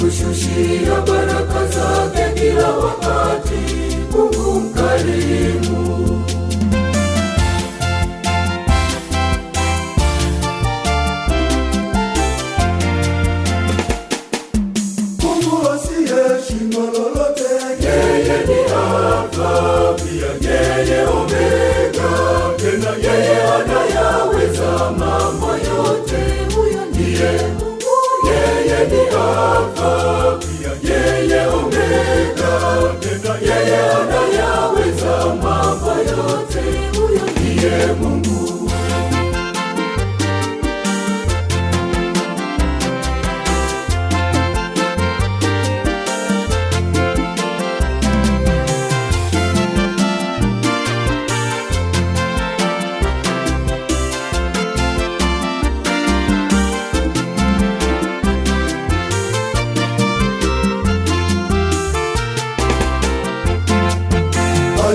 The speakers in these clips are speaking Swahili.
atushushia baraka zake kila wakati.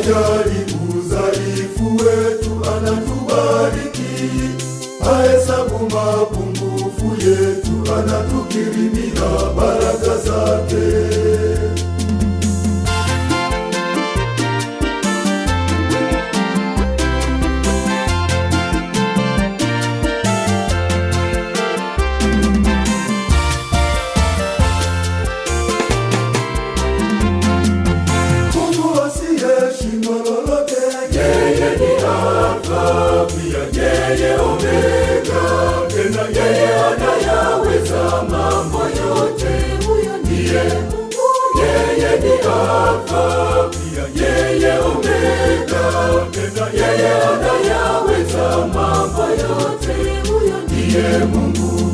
anajali udhaifu wetu, anatubariki, hahesabu mapungufu yetu, anatukirimu yeye Omega, tena yeye anayaweza mambo yote. Huyo ndiye Mungu, yeye ni Alfa pia yeye Omega, tena yeye anayaweza mambo yote. Huyo ndiye Mungu.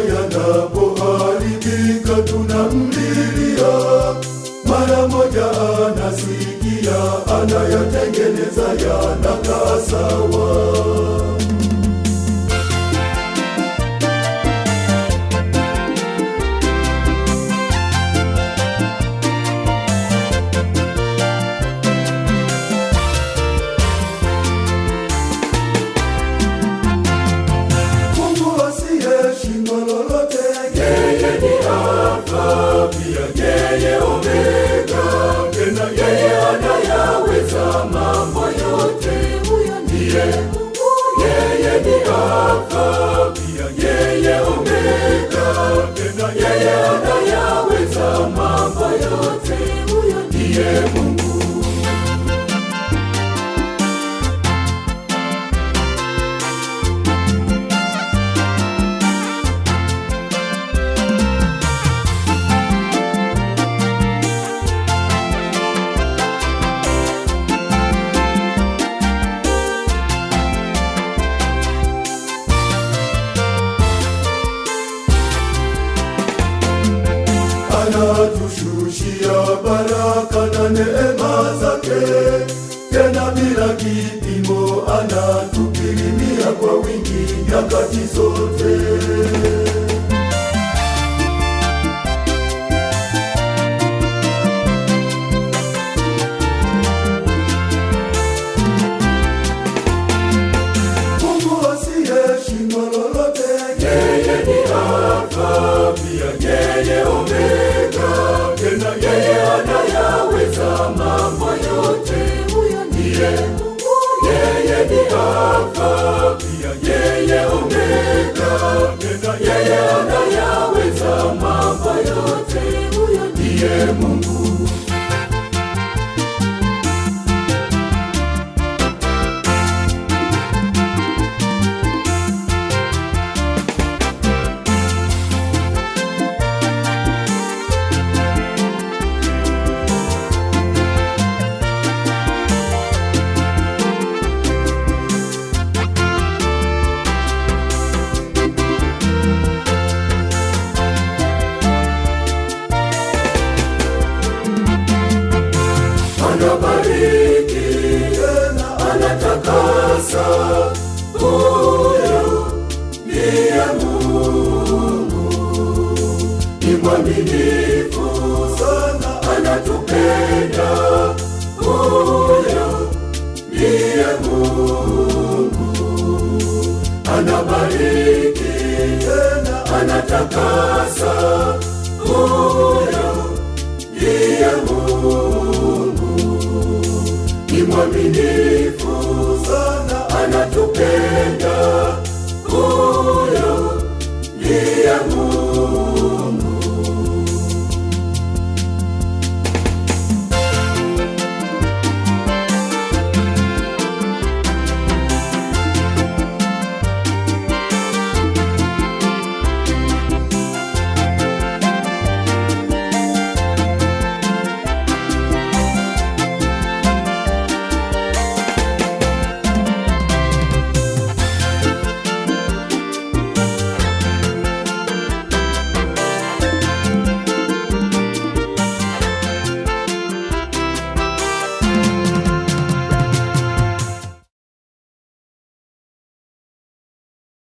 yanapoharibika tunamlilia, mara moja anasikia, anayatengeneza yanakaa sawa. anatushushia baraka na neema zake, tena bila kipimo anatukirimia kwa wingi nyakati zote. Verbo. atakasa. Huyu ndiye Mungu, ni mwaminifu sana, anatupenda. Huyu Mungu, anabariki tena anatakasa. mwaminifu